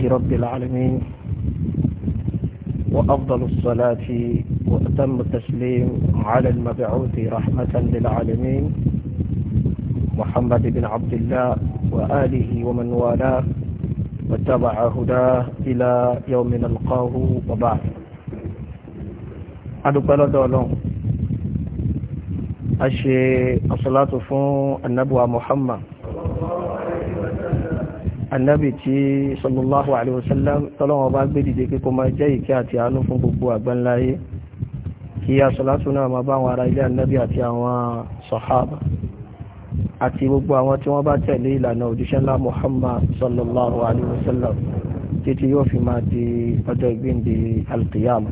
لله رب العالمين وأفضل الصلاة وأتم التسليم على المبعوث رحمة للعالمين محمد بن عبد الله وآله ومن والاه واتبع هداه إلى يوم نلقاه وبعد أدوكالو دولون أشي الصلاة فون النبوة محمد annabi tí sallallahu alaihi wasallam tọ́lọ́wọ́ bá gbé dìde kíkó máa jẹ́ ìkẹ́ àti àánú fún gbogbo àgbáńláyé kí a sọ̀látù náà máa bá àwọn ará ilé annabi àti àwọn sọ̀hábà àti gbogbo àwọn tí wọ́n bá tẹ̀lé ìlànà òjíṣẹ́ ńlá muhammad sallallahu alaihi wasallam títí yóò fi máa di ọjọ́ ìgbéǹde alqiyama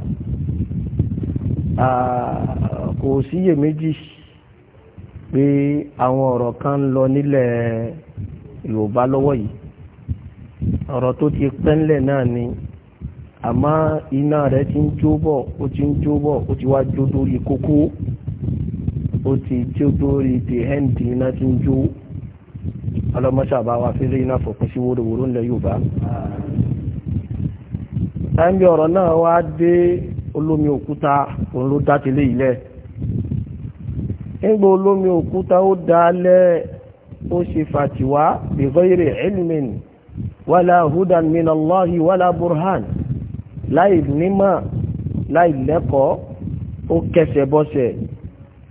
kò síyèméjì pé àwọn ọ̀rọ̀ kan ń lọ nílẹ̀ yorùbá lọ́wọ́ yìí ọ̀rọ̀ tó ti pẹ́ńlẹ̀ náà ni àmọ́ iná rẹ̀ ti ń jó ó ti ń jó ó ti wá jó kókó ó ti jó the end iná ti ń jó ọlọ́mọṣàbá wa fẹ́rẹ́ iná fòpin sí wóróworó ńlẹ̀ Yorùbá. táìmì ọ̀rọ̀ náà wá dé olómi òkúta òun ló dá ilẹ̀ nígbà olómi òkúta ó dá lẹ́ ó ṣe fàtiwá wala hudan min allahi wala burhan láì nímọ̀ láì lẹ́kọ̀ọ́ ó kẹsẹ̀ bọ́sẹ̀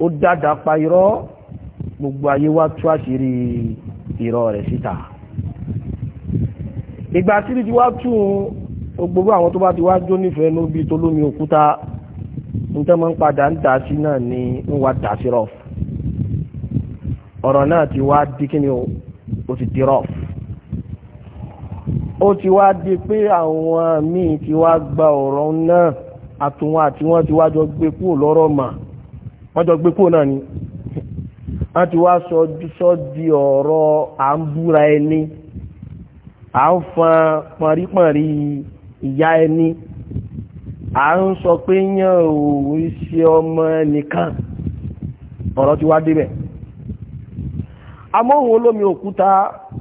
ó dáadáa pa irọ́ gbogbo ayé wá tú àṣírí irọ́ rẹ̀ síta ìgbà àṣírí ti wá tú gbogbo àwọn tó bá ti wá jó nífẹ̀ẹ́ níbi tó lómi òkúta ní máa ń padà ń dà sí náà ni ń wá dà sí rọ́ọ̀fù ọ̀rọ̀ náà ti wá dí kí ni ó ti di rọ́ọ̀fù ó ti wá di pé àwọn míì ti wá gba ọ̀rọ̀ náà àtúnwọ̀n àti wọ́n ti wá jọ gbé kúrò lọ́rọ̀ mà wọ́n jọ gbé kúrò náà ni wọ́n ti wá sọ di ọ̀rọ̀ à ń búra ẹni à ń fan pọ̀nrípọ̀nrí ìyá ẹni à ń sọ pé yàn ò ṣe ọmọ nìkan ọ̀rọ̀ ti wá débẹ̀ amóhun olómi òkúta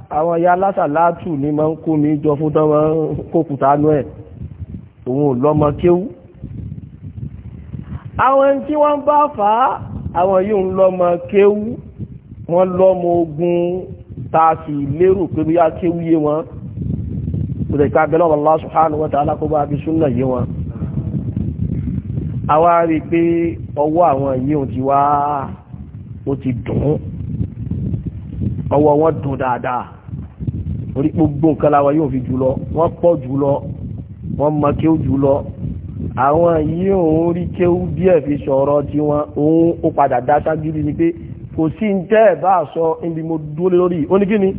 àwọn ya lásàlátù ní máa ń kó mi jọ fún tán máa ń kókùtà nú ẹ̀ òun ò lọ́mọ kéwú àwọn tí wọ́n bá fà á àwọn yìí ń lọ́mọ kéwú wọ́n lọ́mọ ogun ta sì lérò pé bí kéwú yé wọn kò tẹ̀ka abẹ́lẹ́ Allah subhanahu wa ta'ala kó bá fi súnà yé wọn àwa rí i pé ọwọ́ àwọn yìí ti wá ó ti dùn ọwọ́ wọn dùn dáadáa torí gbogbo nǹkan làwọn yóò fi jù lọ wọ́n pọ̀ jù lọ wọ́n mọ kéwú jù lọ àwọn yìí òun rí kéwú díẹ̀ fi sọ̀rọ̀ tiwọn òun ó padà dá ságírí ni pé kò sí ń tẹ́ ẹ̀ bá sọ ibi mo dúró lórí ó ní kí ni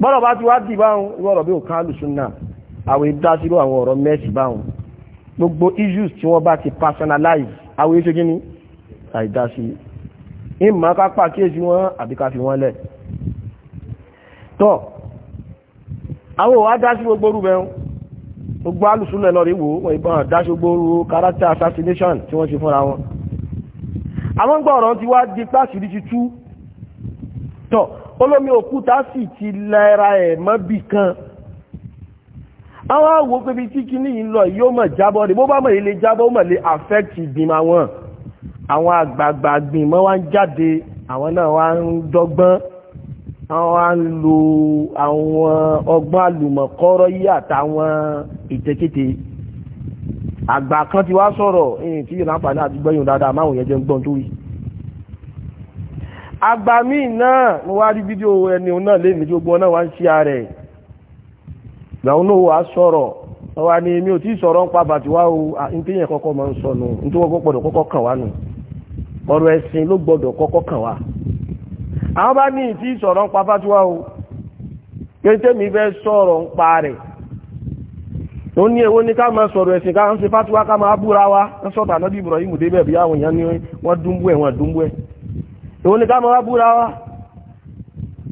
bọ́lọ̀ bá ti wá dì báwọn ìwọ̀rọ̀ bí òkan alùsùn náà àwọn ìdásílò àwọn ọ̀rọ̀ mẹ́sì báwọn gbogbo issues tí wọ́n bá ti personalize àwọn ìṣe kí ni àìdásí ìmọ̀ ká pàkíyèsí wọn àbí fi wọ́n lẹ̀ tọ́ àwọn òwá dá sí gbogbo orú mẹ́rin gbogbo alùsùnlẹ̀ lọ rí wò wọ́n ìbọn dáṣe gbogbo orú character assassination tí wọ́n ṣe fúnra wọn àwọn gbọ́ ọ̀rọ̀ ti wá di pàṣírí ti tú tọ́ olómi òkúta sì ti lẹ́ra ẹ̀ mọ́bì kan àwọn àwò pẹ̀bí tí kí ní ìlọ yóò mọ̀ jábọ́ rẹ̀ bó bá mọ̀ ilé jábọ́ ó mọ̀ lè affect ìgbìmọ̀ àwọn àwọn àgbààgbà gbìmọ̀ wá ń jáde àwọn náà wá ń dọ́gbọ́n àwọn a ń lo àwọn ọgbọ́n àlùmọ̀kọ́rọ́ yí àtàwọn ìtẹ́kété àgbà kan ti wá sọ̀rọ̀ ẹ̀yìn tí yóò láǹfààní àti gbẹ́yìn dáadáa jẹ́ ń gbọ́n tó rí àgbà míì náà mo wá rí fídíò ẹni òun náà mi náà wá ń ṣí náà ni mi ò tí sọ̀rọ̀ ń pa bàtí o àìtíyàn kọ́kọ́ máa ń sọ nítorí wọ́n gbọ́dọ̀ kọ́kọ́ kàn wá nù ọ̀rọ̀ ẹ̀sìn wá àwọn bá ní ìtí ìsọ̀rọ̀ ń pa o pété fẹ́ sọ̀rọ̀ ń pa rẹ̀ ó ní èwo ní ká sọ̀rọ̀ ẹ̀sìn ka ń ṣe fátúwá wa sọ́tà náà bí Ibrahim débẹ̀ bí àwọn èèyàn ní wọ́n dúnbú ẹ̀ wọ́n dúnbú ẹ̀ ní wa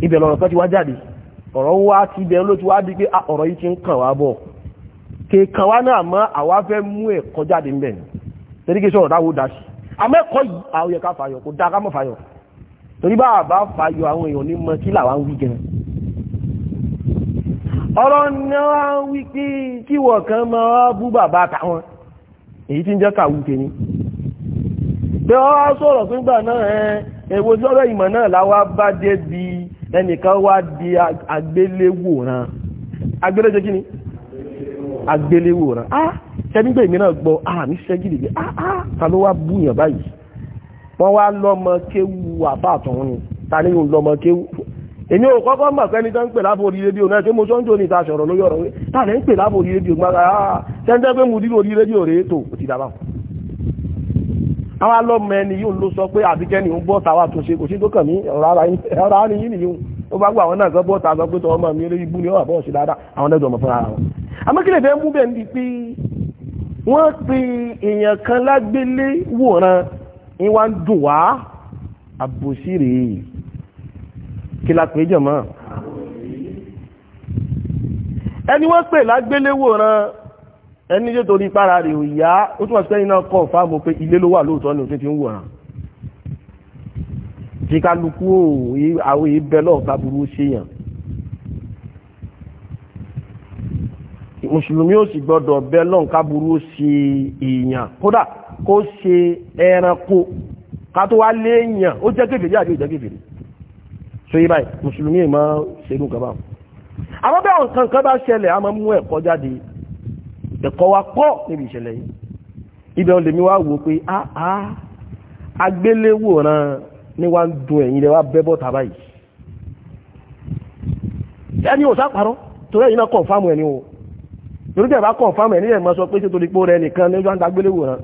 ibẹ̀ kan ti wá jáde ọ̀rọ̀ wá ti bẹ̀ ló ti wá di pé ah, ọ̀rọ̀ yìí ti ń kàn wá bọ̀ wá náà mọ́ àwa fẹ́ mú ńbẹ̀ sọ̀rọ̀ dá sí àmọ́ ẹ̀kọ́ yìí torí bá àbá fàyọ àwọn èèyàn ní mọ kí làwọn wí gan ọ̀rọ̀ náà wí pé kíwọ̀ kan máa bú bàbá táwọn èyí tí ń jẹ́ kàwù tèmi pé ọ sọ̀rọ̀ pé gbà náà ẹ èwo tí ọ̀rọ̀ ìmọ̀ náà láwá bá dé bí ẹnìkan wá di àgbéléwòrán agbéléjẹ́ kí ni àgbéléwòrán ah ṣẹ́gbígbé ìmìíràn gbọ́ ah mi ṣẹ́gìdì ah ah ta ló wá búyàn báyìí wọ́n wá lọ́mọ kéwú àbá àtọ̀hún ni ta ní lọ́mọ kéwú èmi ò kọ́kọ́ mọ̀ pẹ́ni tó ń pè láàbò orí rédíò náà tí mo sọ́njò ní ìta sọ̀rọ̀ lórí ọ̀rọ̀ wé ta ní ń pè láàbò orí rédíò gbára ah, àà tẹ́ńtẹ́ pé mo dí orí rédíò rèé tó ti dàbà àwọn alọ́mọ ẹni yóò ló sọ pé àbíkẹ́ni ń bọ́ tàwa tó ṣe kò sí tó kàn mí ọ̀rọ̀ ara yín nìyí ó bá gbọ́ àwọn náà kan bọ́ ta sọ pé tọmọ mi eré ibú ni ọ̀rọ̀ bọ́ ṣe dáadáa àwọn ń wá ń dùn wá àbòsí rèé kí la pè é jọ̀mọ́ ẹni wọ́n pè lágbéléwòran ẹni tó torí para rẹ̀ ò yá ó túnmọ̀ sí ẹ̀yìn náà kọ̀ fáàmù pé ilé ló wà lóòótọ́ ni òfin ti ń wòran tí kálukú àwọn èébẹ̀ lọ́ọ̀ burú ṣèyàn mùsùlùmí ó sì gbọ́dọ̀ bẹ́ lọ́n káburú sí èèyàn kódà kó ṣe ẹranko ká tó wá lé èèyàn ó jẹ́ kéfèrí àti ìjẹ́ kéfèrí so yí báyìí mùsùlùmí ìmọ̀ ṣerú kaba àwọn bẹ́ẹ̀ nǹkan kan bá ṣẹlẹ̀ a máa mú ẹ̀kọ́ jáde ẹ̀kọ́ wa pọ̀ níbi ìṣẹ̀lẹ̀ yìí ibẹ̀ olè mi wá wò pé áá agbéléwòran ni wá ń dun ẹ̀yìn rẹ̀ wá bẹ́ bọ́ta báyìí ẹni ò sá torí ẹ̀yìn náà kọ̀ fáàmù ẹni o torí tẹ̀ bá kọ̀ fáwọn ẹ̀ nílẹ̀ mọ́ sọ pé títorí pé rẹ̀ nìkan ní wọ́n dágbélé wò rán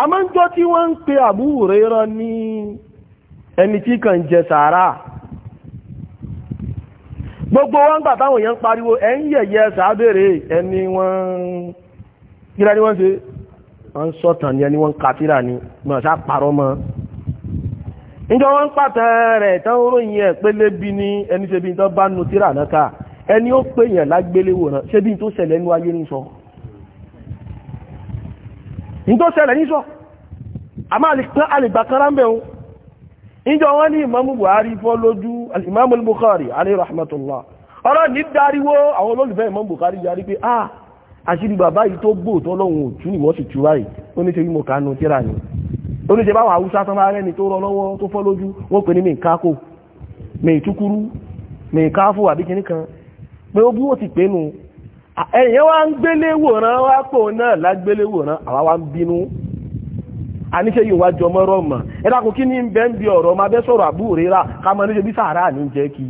a máa ń jọ tí wọ́n ń pe Abu Hurairah ní ẹni tí kàn jẹ sàárà gbogbo wọn gbà táwọn èèyàn pariwo ẹ̀ ń yẹ̀yẹ́ sàábèrè ẹni wọ́n kíra ni wọ́n ṣe wọ́n sọ̀tàn ni ẹni wọ́n kàtírà ni mọ̀ sá parọ́ mọ́ níjọ wọ́n pàtàkì rẹ̀ tán oróyìn ẹ̀ pélébí ní ẹni ṣe bí tán bá nu tíra náà ẹni ó pèèyàn lágbéléwòrán ṣé bí n tó ṣẹlẹ̀ ní ayé ní sọ ní tó ṣẹlẹ̀ ní sọ a máa lè pẹ́ alìgbàkanrá ń bẹ̀rún ìjọ wọ́n ní Imam Buhari fọ́ lójú Imam Bukhari alayhi rahmatullah ọ̀rọ̀ ní dáríwó àwọn olólùfẹ́ Imam buhari yarí pé ah àṣírí bàbá yìí tó gbò tó lọ́wọ́ òtún ni sì tú báyìí ó ní ṣe pé ó bí wọ́n ti pé nù ẹ̀yìn wá ń gbéléwòrán wá pò náà lágbéléwòrán àwa wá ń bínú àníṣe yìí wá jọ mọ́rọ̀ mọ̀ ẹ̀dàkù kí ní bẹ́ ń bi ọ̀rọ̀ ọmọ abẹ́ sọ̀rọ̀ àbú rírà ká mọ níṣe bí sàárà ní jẹ́ kí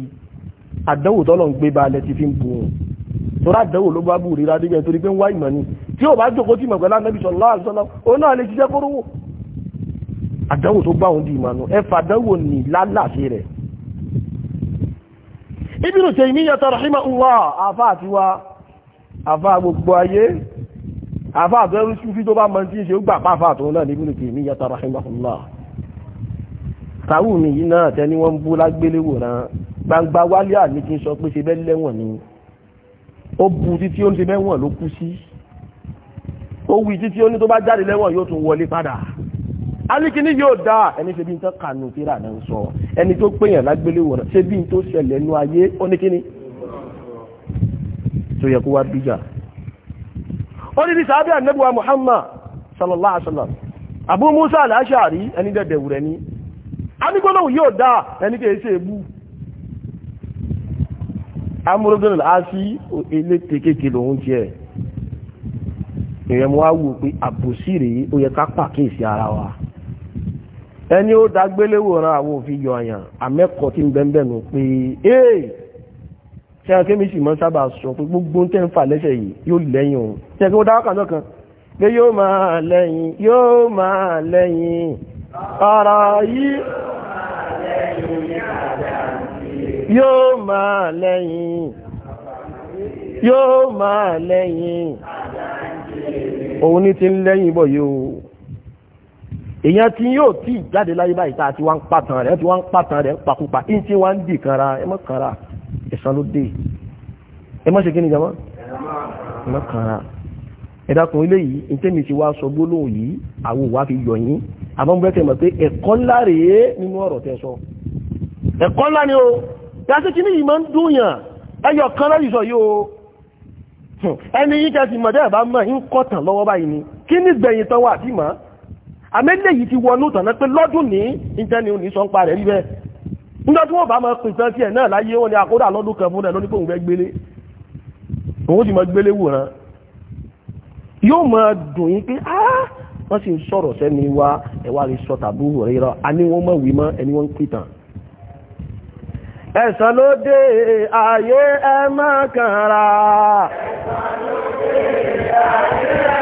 àdánwò tọ́lọ̀ ń gbé ti fi ń bu wọn torí àdánwò ló bá bú rírà débi ẹ̀ pé ń wá ìmọ̀ ni tí ò bá jókòó Ibn Taymiyyah rahimahullah àfá àti wa àfá gbogbo ayé àfá àbẹ́rú Sufi tó bá mọ́ tí ṣe ó gbà pàfà tó náà ní Ibn Taymiyyah rahimahullah Tàwùmí yìí náà tẹni wọ́n bú lágbéléwò náà gbangba wálé àní kí n sọ pé ṣe bẹ́ lẹ́wọ̀n ni ó bu títí ó ń ṣe bẹ́wọ̀n ló kú sí ó wí títí ó ní tó bá jáde lẹ́wọ̀n yóò tún wọlé padà alikini yóò da ẹni ṣe bí n tó kanu tíra náà sọ ẹni tó péyàn lágbéléwò náà ṣe bí n tó ṣẹlẹ̀ ayé tó yẹ kó wá bíjà ó ní sallallahu alaihi wasallam Abu Musa ashari ẹni dẹ̀dẹ̀wù rẹ̀ ní anigbónáwù yóò dá ẹni kẹ́ ṣe ebú amúrúdún láti ilé tekeke lòun jẹ́ ìrẹ̀mú wá wò pé àbòsí rèé ó ara wa ẹni ó dágbéléwòrán àwọn òfin yọ àyàn amẹ́kọ̀ọ́ tí ń bẹ́ẹ̀bẹ́ẹ̀nù pé ee ṣe àwọn kémìsì mọ́ sábà sọ pé gbogbo ń tẹ́ ń fà lẹ́sẹ̀ yìí yóò lẹ́yìn òun ṣe kí wọ́n dáwọ́ kàn lọ́kan pé yóò máa lẹ́yìn yóò máa lẹ́yìn ara yìí yóò máa lẹ́yìn yóò máa lẹ́yìn òun ní ti ń lẹ́yìn bọ̀ yìí o èèyàn tí yóò tí jáde láyé báyìí tá a ti wá ń pàtàn rẹ̀ ti wá ń pàtàn rẹ̀ ń pakúpa kí n ti wá ń dì kanra ẹ mọ́ kanra ẹ̀sán ló dé ẹ mọ́ ṣe kí ni jama ẹ mọ́ kanra ẹ dákun ilé yìí ní tẹ́mi ti wá sọ gbólóhùn yìí àwọn òwà fi yọ yín àmọ́ mo fẹ́ tẹ̀ mọ̀ pé ẹ̀kọ́ ńlá rèé nínú ọ̀rọ̀ tẹ sọ ẹ̀kọ́ ńlá ni o yàtí kí ni yìí máa ń dùn yàn ẹyọ kan lọ́yìn sọ yìí o ẹni yìí kẹsì mọ̀ tẹ́ ẹ̀ bá mọ̀ ń mọ̀ àmẹ́lẹ̀ yìí ti wọnú tọ̀nà pé lọ́dún ní ìjẹni òní sọ ń pa rẹ̀ ríbẹ̀ nígbà tí wọ́n bá máa pìtàn sí ẹ̀ náà láyé wọn ni àkódà lọ́dún kan fún ẹ̀ lónìí pé òun fẹ́ gbélé òun sì máa gbélé wòran yóò máa dùn yín pé á wọ́n sì ń sọ̀rọ̀ sẹ́ni wá ẹ̀wà rí sọ tàbí òwúrọ̀ rírọ a ní wọ́n mọ̀ wí mọ́ ẹni wọ́n pìtàn ẹ̀sán ló ayé ẹ má kàn ra ẹ̀sán ló dé ayé ẹ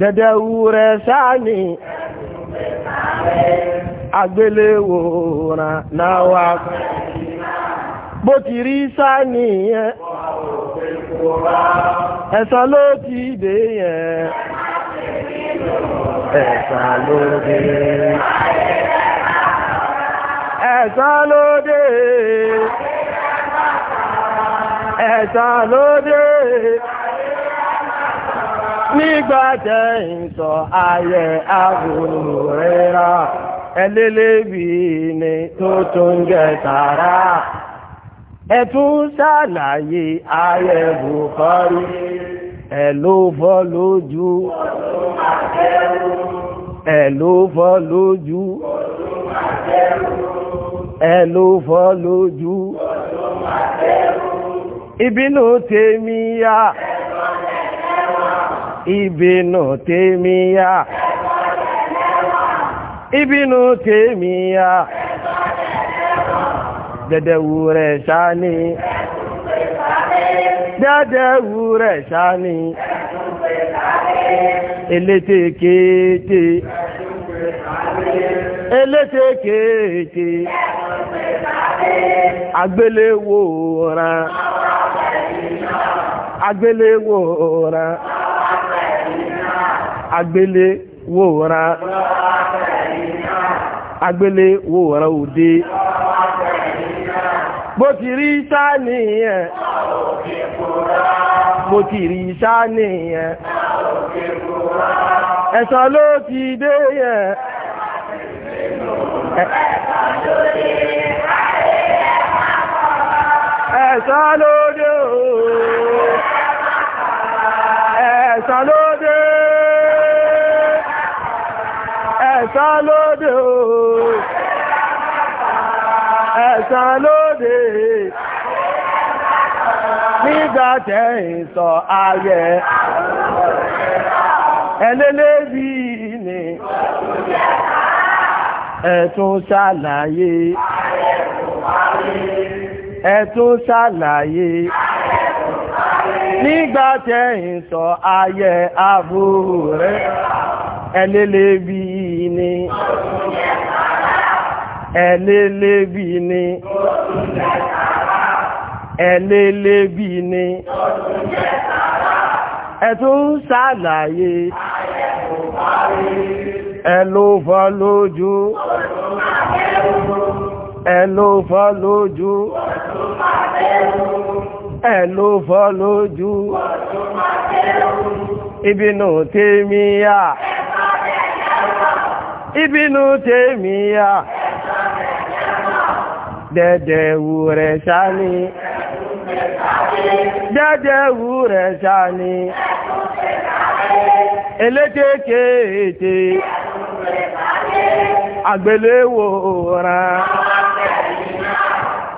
dẹ̀dẹ̀wúrẹ́ sáàni agbéléwòrán náà wà bó ti rí sáàni yẹn ẹ̀sán ló ti dé yẹn ló dé ló dé ló dé. nígbà tẹ̀ ń sọ ayẹ àbúrò ẹlẹ́lẹ́bí ni tó tó ń jẹ tààrà ẹ̀tún ṣàlàyé ayẹ bùkọ́rí ẹ̀ ló fọ́ lójú ẹ̀ ló fọ́ lójú ẹ̀ ló fọ́ lójú ìbínú tèmi yá ibinu tèmíyà ibinu tèmíyà dẹ̀dẹ̀wù rẹ̀ ṣáni dẹ̀dẹ̀wù rẹ̀ ṣáni eléte kéèké eléte kéèké agbéléwò rán agbéléwò rán agbélé wòran agbélé wòran òde bó ti rí sáàni ẹ̀ bó ti rí sáàni ẹ̀ ẹ̀sán ló ti dé ẹ̀ ẹ̀sán ló dé ooo ẹ̀sán ló ẹ̀san lóde o ẹ̀san lóde nígbà tẹ́ ìsọ ayẹ ẹlẹ́lẹ́bí ni ẹ̀tún ṣàlàyé ẹ̀tún ṣàlàyé nígbà ìsọ ayẹ àbúrẹ́ ẹlẹ́lẹ́bí ẹlẹ́lẹ́bí ni ẹlẹ́lẹ́bí ni ẹ̀tún ṣàlàyé ẹlòfọ́ lójú ẹlòfọ́ lójú ẹlòfọ́ lójú ìbínú tèmíyà ìbínú tèmíyà dẹ́dẹ́ wù rẹ̀ ṣáni dẹ́dẹ́ wù rẹ̀ ṣáni elékèké ètè àgbéléwò ràn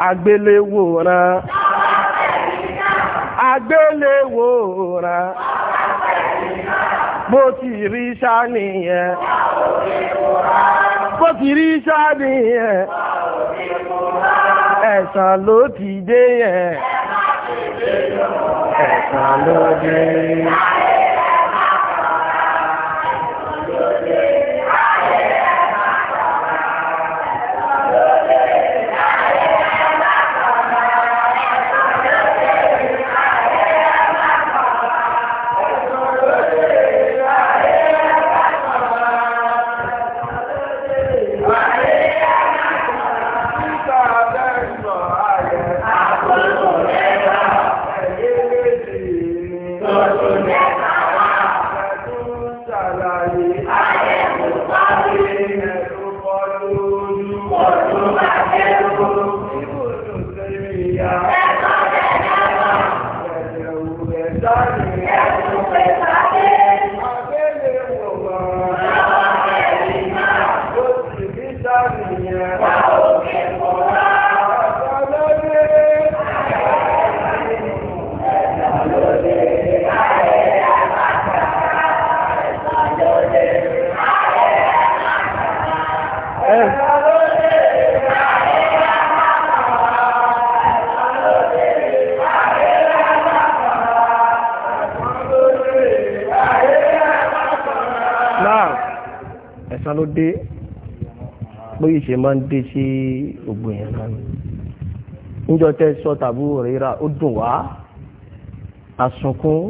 àgbéléwò ràn àgbéléwò ràn bó ti rí ṣáni yẹn bó ti rí ṣáni yẹn ẹ̀san ló ti dé yẹn ẹ̀san ló dé yẹn. ṣe máa ń dé sí ògbò yẹn náà ni níjọ tẹ sọ tàbí òrìra ó dùn wá asunkún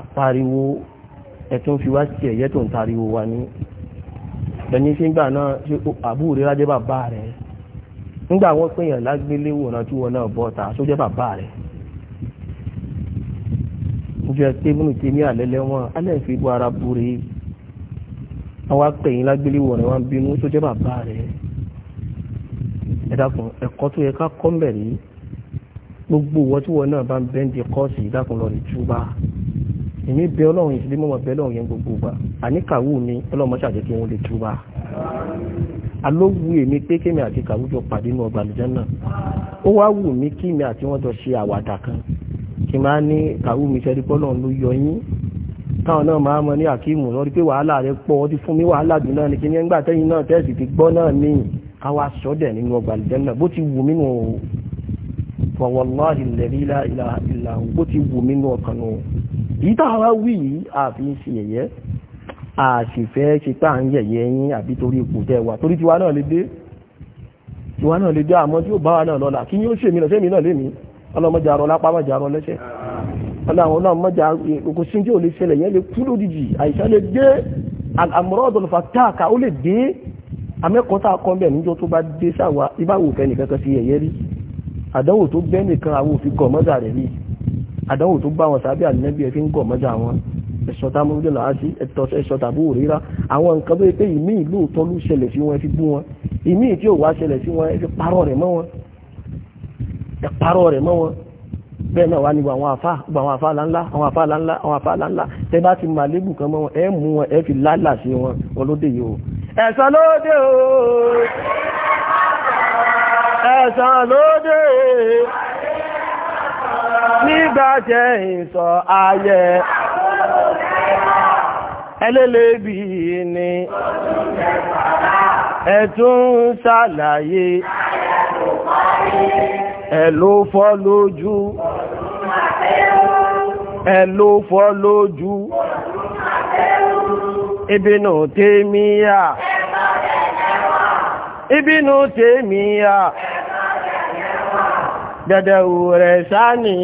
apariwo ẹtún fi wá sí ẹyẹ tó ń tariwo wa ní ẹni sígbà náà ṣe àbúrò rírà jẹ bàbá rẹ nígbà wọn pè yàn lágbéléwò náà tí wọn náà bọ ta sójẹ bàbá rẹ níjọ tẹ múnú tèmi àlẹlẹ wọn alẹ fi bọ ara búre àwọn apẹ̀yìn lágbéléwọ̀ rẹ̀ wọ́n bínú tó jẹ́ bàbá rẹ̀ ẹ dákun ẹ̀kọ́ tó yẹ ká kọ́ mbẹ̀ rí gbogbo ìwọ tí wọn náà bá ń bẹ́ǹdì kọ́ọ̀sì ìdákun lọ rí túbà èmi bẹ ọlọ́run ìdílé mọ́mọ́ bẹ ọlọ́run yẹn gbogbo gbà àníkàwù mi ọlọ́run mọ́ṣà jẹ́ kí wọ́n lè túbà alówù èmi pé kémi àti kàwùjọ pàdé ní ọgbà àlùjá náà ó wá wù mí kí mi àti wọn jọ ṣe àwàdà kan kí n máa ní kàwù mi sẹ́rí pọ́lọ́run ló yọ yín táwọn náà máa mọ ní àkíìmù lórí pé wàhálà rẹ pọ̀ ó ti fún mi wàhálà jù náà ní kí ní ẹgbà tẹ́yìn náà tẹ́sì ti gbọ́ náà ní káwá sọ́dẹ̀ nínú ọgbà àlùjánnà bó ti wù mínú o wallahi alladhi la ilaha illa hu bó ti wù mínú ọkàn o yìí táwa wí yìí àfi ń ṣe yẹ̀yẹ́ àṣìfẹ́ ṣe tá à ń yẹ̀yẹ́ yín àbí torí ipò tẹ́ wà torí tiwa náà lè dé tiwa náà lè dé ọlọ́run náà mọ́jà kò sí tí ò lè ṣẹlẹ̀ yẹn lè kú lójijì àìsàn lè dé àmúrọ́dọ̀ lọ́fà táàkà ó lè dé amẹ́kọ̀ọ́ta kan bẹ̀ níjọ́ tó bá dé sáwà ibáwò fẹ́ nìkan kan sí ẹ̀yẹ́ rí àdánwò tó bẹ́ nìkan àwọn òfin gọ̀ mọ́jà rẹ̀ rí àdánwò tó bá wọn sábẹ́ ànẹ́bí ẹ̀ fi ń gọ̀ mọ́jà wọn ẹ̀sọ́ tamurudin a ẹ̀sọ́ tàbí òrírá àwọn nǹkan tó yẹ pé ìmí ìlú òótọ́ ló ṣẹlẹ̀ sí wọn ẹ fi bú wọn ìmí tí ò wá ṣẹlẹ̀ sí wọn ẹ mọ́ wọn bẹ́ẹ̀ wá ní àwọn àwọn àfá àwọn àfá láńlá àwọn ti mà lébù kan mọ́ wọn ẹ mú wọn ẹ fi lálà sí wọn olóde yìí o ẹ̀san lóde o ẹ̀san lóde nígbà jẹ́ ìsọ ayẹ ẹlẹ́lẹ́bí ni ẹ̀tún ṣàlàyé ẹ̀ fọ́ lójú. ẹ ló fọ́ lójú ìbínú tèmíyà ìbínú tèmíyà dẹ̀dẹ̀wò rẹ̀ sáni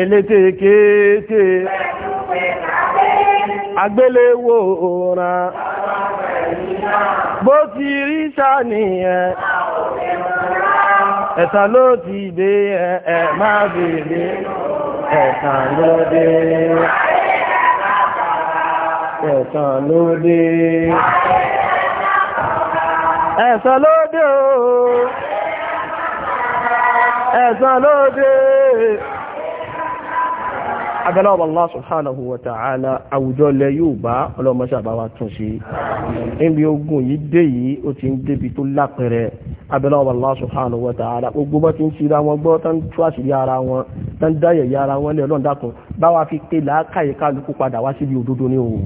elétè kéèké agbéléwò òòràn bó ti rí sáni ẹ̀ ẹ̀san ló ti dé ẹ̀ máa bèèrè ẹ̀san ló dé ẹ̀san ló dé ẹ̀san ló dé o ẹ̀san ló dé abẹ́lọ́wọ́ Allah subhanahu wa ta'ala àwùjọ lẹ yóò bá ọlọ́mọṣàbáwà tún sí níbi ogun yìí dé yìí ó ti ń débi tó lápẹẹrẹ abẹ́lọ́wọ́ Allah subhanahu wa ta'ala gbogbo bọ́ ti ń ṣíra wọn gbọ́ tán tú àṣírí ara wọn tán dáyẹ̀yẹ ara wọn lé Ọlọ́run dákun bá wa fi pé làákàyè kálukú padà wá síbi òdodo ní òun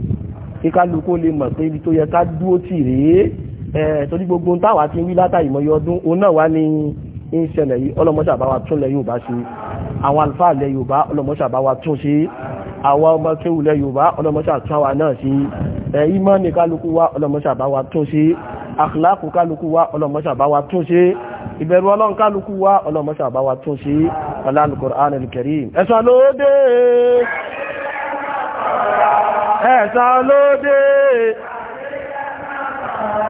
kí kálukú lè mọ̀ pé ibi tó yẹ ká dúró tì rèé ẹ̀ torí gbogbo táwa ti ń wí látàrí mọ́yọ́ ọdún òun náà wá ní ń ṣẹlẹ̀ yìí ọlọ́mọṣà bá wa tún lẹ Yorùbá ṣe àwọn àlùfáà lẹ Yorùbá ọlọ́mọṣà bá wa tún ṣe àwa ọmọ kéwù lẹ Yorùbá ọlọ́mọṣà tún àwa náà ṣe ẹ̀ ìmọ̀ ní kálukú wa ọlọ́mọṣà bá wa tún ṣe àkìláàkù kálukú wa ọlọ́mọṣà bá wa tún ṣe ìbẹ̀rù ọlọ́run kálukú wa ọlọ́mọṣà bá wa tún ṣe ọlọ́run Qur'an al-Karim lóde ẹ̀sán lóde